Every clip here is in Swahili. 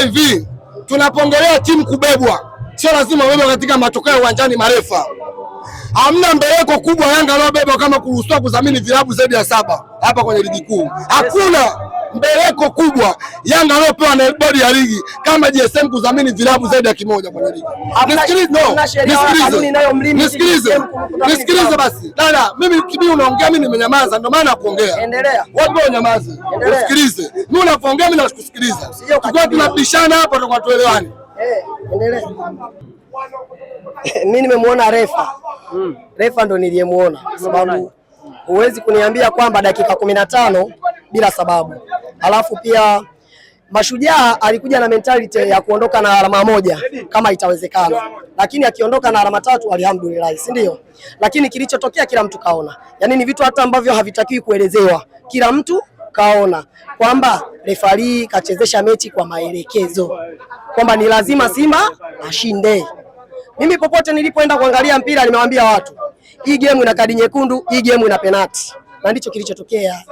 Naomba hivi, tunapongelea timu kubebwa, sio lazima ubebwa katika matokeo ya uwanjani marefa. Hamna mbeleko kubwa Yanga anayobebwa kama kuruhusiwa kudhamini vilabu zaidi ya saba hapa kwenye ligi kuu, hakuna mbeleko kubwa Yanga aliyopewa na bodi ya ligi kama GSM kudhamini vilabu zaidi ya kimoja kwenye ligi. Nisikilize, nisikilize basi dada, mimi kibi unaongea, mimi nimenyamaza, ndio maana nakuongea. Endelea wapi, unyamaze, nisikilize mimi unapoongea, mimi nakusikiliza. Tukiwa tunabishana hapa tutakuwa tuelewani. Eh, endelea. Mimi nimemuona refa, hmm. refa ndo niliyemuona, sababu huwezi kuniambia kwamba dakika kumi na tano bila sababu alafu pia Mashujaa alikuja na mentality ya kuondoka na alama moja kama itawezekana, lakini akiondoka na alama tatu alhamdulillah, si ndio? Lakini kilichotokea kila mtu kaona, yaani ni vitu hata ambavyo havitakiwi kuelezewa, kila mtu kaona kwamba refari kachezesha mechi kwa maelekezo kwamba ni lazima Simba ashinde. Mimi popote nilipoenda kuangalia mpira nimewaambia watu hii game ina kadi nyekundu, hii game ina penalti, na ndicho kilichotokea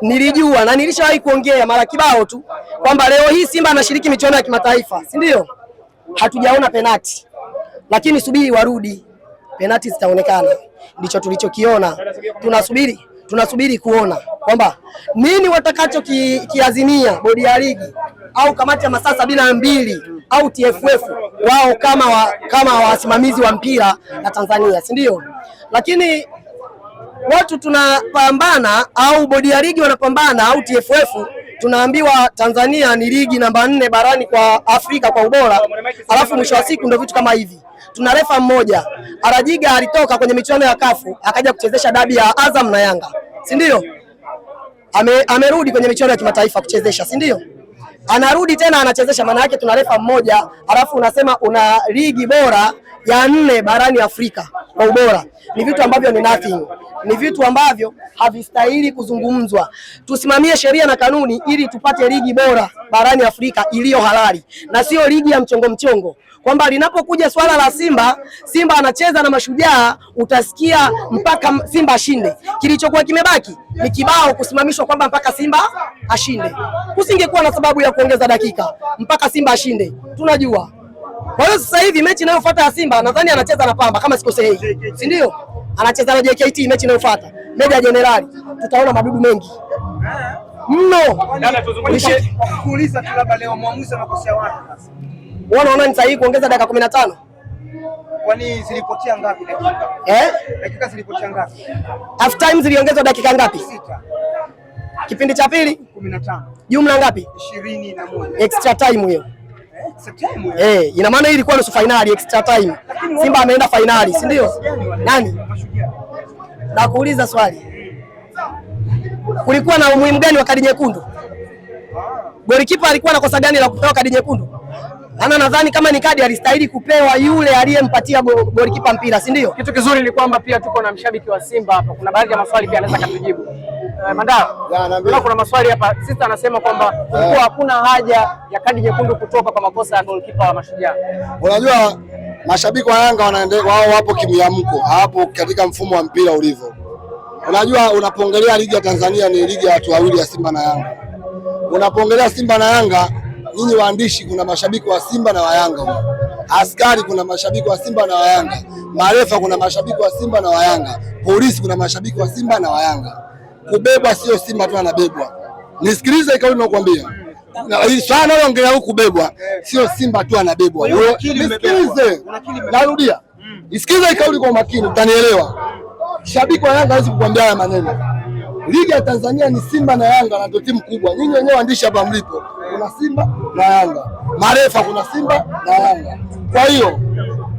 nilijua na nilishawahi kuongea mara kibao tu kwamba leo hii Simba anashiriki michuano ya kimataifa, si ndio? Hatujaona penati, lakini subiri warudi, penati zitaonekana. Ndicho tulichokiona, tunasubiri tunasubiri kuona kwamba nini watakacho ki, bodi ya ligi au kamati ya masaa sabini na mbili au TFF wao kama wa, kama wasimamizi wa mpira na Tanzania, si ndio? Lakini watu tunapambana au bodi ya ligi wanapambana au TFF tunaambiwa Tanzania ni ligi namba nne barani kwa Afrika kwa ubora, alafu mwisho wa siku ndio vitu kama hivi. Tuna refa mmoja Arajiga alitoka kwenye michuano ya kafu akaja kuchezesha dabi ya Azam na Yanga, si ndio? Ame, amerudi kwenye michuano ya kimataifa kuchezesha, si ndio? Anarudi tena anachezesha, maana yake tuna refa mmoja, alafu unasema una ligi bora ya nne barani Afrika na ubora ni vitu ambavyo ni nothing, ni vitu ambavyo havistahili kuzungumzwa. Tusimamie sheria na kanuni ili tupate ligi bora barani Afrika iliyo halali na sio ligi ya mchongo mchongo, kwamba linapokuja swala la Simba, Simba anacheza na Mashujaa, utasikia mpaka Simba ashinde. Kilichokuwa kimebaki ni kibao kusimamishwa kwamba mpaka Simba ashinde. Kusingekuwa na sababu ya kuongeza dakika mpaka Simba ashinde, tunajua kwa hiyo sasa hivi mechi inayofuata ya Simba nadhani anacheza na Pamba kama sikosei, si ndio? Anacheza na JKT mechi inayofuata meja ya Jenerali, tutaona madudu mengi mno. Wana ni sahihi kuongeza dakika kumi na tano ngapi dakika? Eh? Dakika ngapi? Half time ziliongezwa dakika ngapi? Sita. Kipindi cha pili Jumla ngapi? 21. Extra time hiyo. Eh, ina maana hii ilikuwa nusu finali extra time. Simba ameenda finali, si ndio? Nani? Na kuuliza swali. Kulikuwa na umuhimu gani wa kadi nyekundu? Golikipa alikuwa anakosa gani la kupewa kadi nyekundu? Ana nadhani kama ni kadi alistahili kupewa yule aliyempatia golikipa mpira, si ndio? Kitu kizuri ni kwamba pia tuko na mshabiki wa Simba hapa. Kuna baadhi ya maswali pia anaweza kutujibu uh, Mandala, kuna maswali hapa. Sista anasema kwamba eh. kulikuwa hakuna haja ya kadi nyekundu kutoka kwa makosa ya goalkeeper wa Mashujaa. Unajua mashabiki wa Yanga wao wapo kimyamko, hapo katika mfumo wa mpira ulivyo. Unajua, unapongelea ligi ya Tanzania ni ligi ya watu wawili ya Simba na Yanga. Unapongelea Simba na Yanga, nyinyi waandishi, kuna mashabiki wa Simba na wa Yanga, askari kuna mashabiki wa Simba na wa Yanga, marefa kuna mashabiki wa Simba na wa Yanga, polisi kuna mashabiki wa Simba na wa Yanga kubebwa sio Simba tu anabebwa. Nisikilize kauli nakwambia sana, ongea huku, kubebwa sio Simba tu anabebwa. Nisikilize, narudia, hmm. nisikilize kauli kwa umakini, utanielewa. Shabiki wa Yanga hawezi kukwambia haya maneno. Ligi ya Tanzania ni Simba na Yanga na ndio timu kubwa. Nyinyi wenyewe waandishi hapa mlipo, kuna Simba na Yanga, marefa kuna Simba na Yanga, kwa hiyo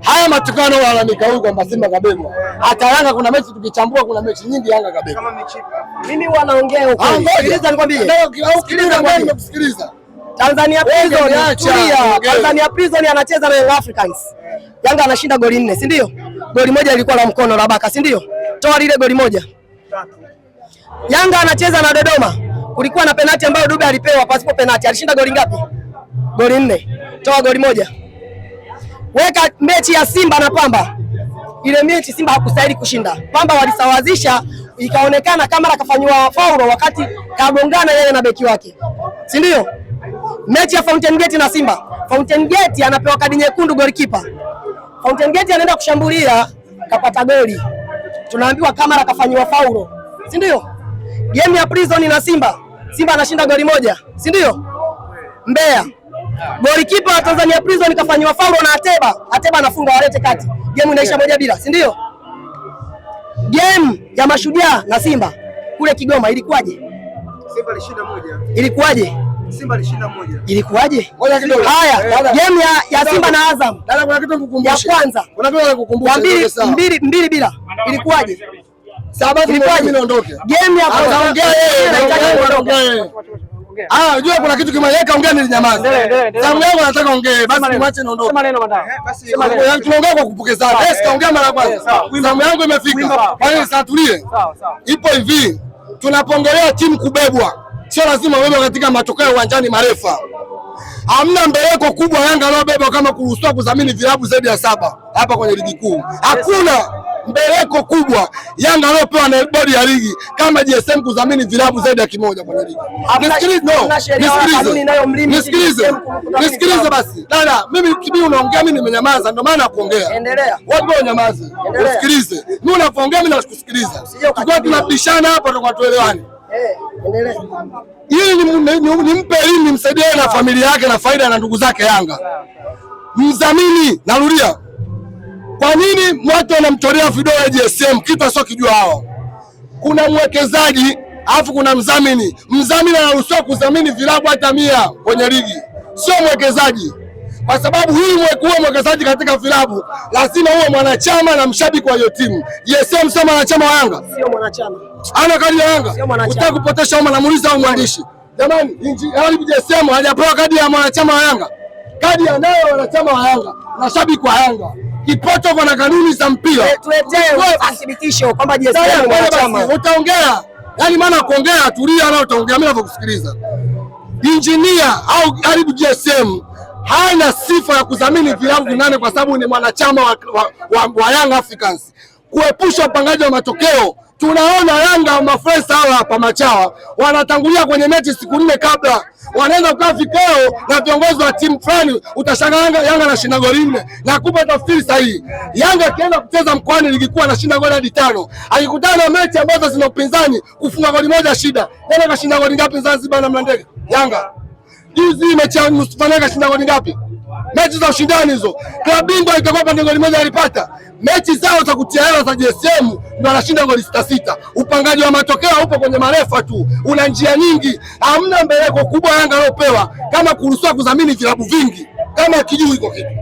Haya matukano walalamika huyu kwamba Simba kabebwa, hata Yanga kuna mechi tukichambua, kuna mechi nyingi Yanga kabebwa. Mimi wanaongea huko, ah, sikiliza nikwambie, nimekusikiliza. Tanzania Prison, tulia. Tanzania Prison anacheza na Young Africans. Yanga anashinda goli nne, si ndio? Goli moja ilikuwa la mkono la Baka, si ndio? Toa lile goli moja. Yanga anacheza na Dodoma, kulikuwa na penati ambayo Dube alipewa pasipo penati, alishinda goli ngapi? Goli nne, toa goli moja weka mechi ya Simba na Pamba, ile mechi Simba hakustahili kushinda. Pamba walisawazisha, ikaonekana Kamara akafanywa faulo wakati kagongana yeye na beki wake, si ndio? Mechi ya Fountain Gate na Simba, Fountain Gate anapewa kadi nyekundu goalkeeper. Fountain Gate anaenda kushambulia kapata goli, tunaambiwa kama akafanywa faulo, si ndio? Game ya Prison na Simba, Simba anashinda goli moja, si ndio? Mbeya Golikipa wa Tanzania Prison kafanywa faulu na Ateba. Ateba anafunga walete kati. Game inaisha moja bila, si ndio? Game ya mashujaa na Simba kule Kigoma ilikuwaje? Simba alishinda moja. Ilikuwaje? Simba alishinda moja. Ilikuwaje? Haya, eh, game ya ya Simba na Azam. Dada, kuna kitu kukumbusha. Ya kwanza. Kuna kitu kukumbusha. Mbili mbili mbili bila. Ilikuwaje? Sababu mimi naondoke. Game ya kwanza. Naongea yeye. Ah, unajua kuna kitu kimeweka ongea nilinyamaza. Sababu yangu anataka ongee, basi niache niondoke. Sema neno madam. Eh, basi tunaongea kwa kupokezana. Yes, kaongea mara kwanza. samu yangu imefika. Kwa hiyo sasa tulie. Sawa sawa. Ipo hivi. Tunapongelea timu kubebwa. Sio lazima wewe katika matokeo ya uwanjani marefa. Hamna mbeleko kubwa Yanga anayobebwa kama kuruhusiwa kudhamini vilabu zaidi ya saba hapa kwenye ligi kuu. Hakuna mbeleko kubwa Yanga aliyopewa na bodi ya ligi kama GSM kudhamini vilabu zaidi ya kimoja kwenye ligi. Nisikilize, nisikilize basi dada, mimi kibi unaongea, mimi nimenyamaza, ndio maana nakuongea. Endelea wewe, unyamaza? nisikilize mimi. Unapoongea mimi nakusikiliza, tukiwa tunabishana hapa tutakuwa tuelewani. Eh, Ili nimpe elimu, nimsaidie na familia yake na faida na ndugu zake Yanga, mdhamini, narudia kwa nini watu wanamtolea vidole GSM kitu asiokijua hao? Kuna mwekezaji alafu kuna mzamini. Mdhamini anaruhusiwa kudhamini vilabu hata mia kwenye ligi, sio mwekezaji, kwa sababu huyu huwe mwekezaji katika vilabu lazima uwe mwanachama na mshabiki wa hiyo timu. GSM sio mwanachama wa Yanga, sio mwanachama, ana kadi ya Yanga. Utaki kupotesha umma, namuuliza au mwandishi jamani, inji GSM hajapewa kadi ya mwanachama wa Yanga, kadi anayo wanachama wa Yanga na shabiki wa Yanga kwa na kanuni za mpira. Eh, utaongea yani, maana kuongea, tulia na utaongea, mimi nakusikiliza. Injinia au karibu GSM haina sifa ya kudhamini vilabu vinane kwa sababu ni mwanachama wa, wa, wa, wa Young Africans. Kuepusha upangaji wa matokeo Tunaona Yanga au mafresa hawa hapa machawa wanatangulia kwenye mechi siku nne kabla, wanaenda kukaa vikao na viongozi wa timu fulani. Utashangaa Yanga anashinda goli nne. Nakupa tafsiri sahihi. Yanga akienda kucheza mkoani ligi kuu anashinda goli hadi tano, akikutana na mechi ambazo zina upinzani kufunga goli moja shida. Yanga kashinda goli ngapi Zanzibar na Mlandege? Yanga juzi mechi ya nusu fainali kashinda goli ngapi? mechi za ushindani hizo, klabu bingwa itakuwa pande goli moja alipata. Mechi zao za kutia hela za JSM ndio anashinda goli sita sita. Upangaji wa matokeo upo kwenye marefa tu, una njia nyingi, hamna mbeleko kubwa Yanga anayopewa kama kuruhusiwa kudhamini vilabu vingi, kama kijui iko kitu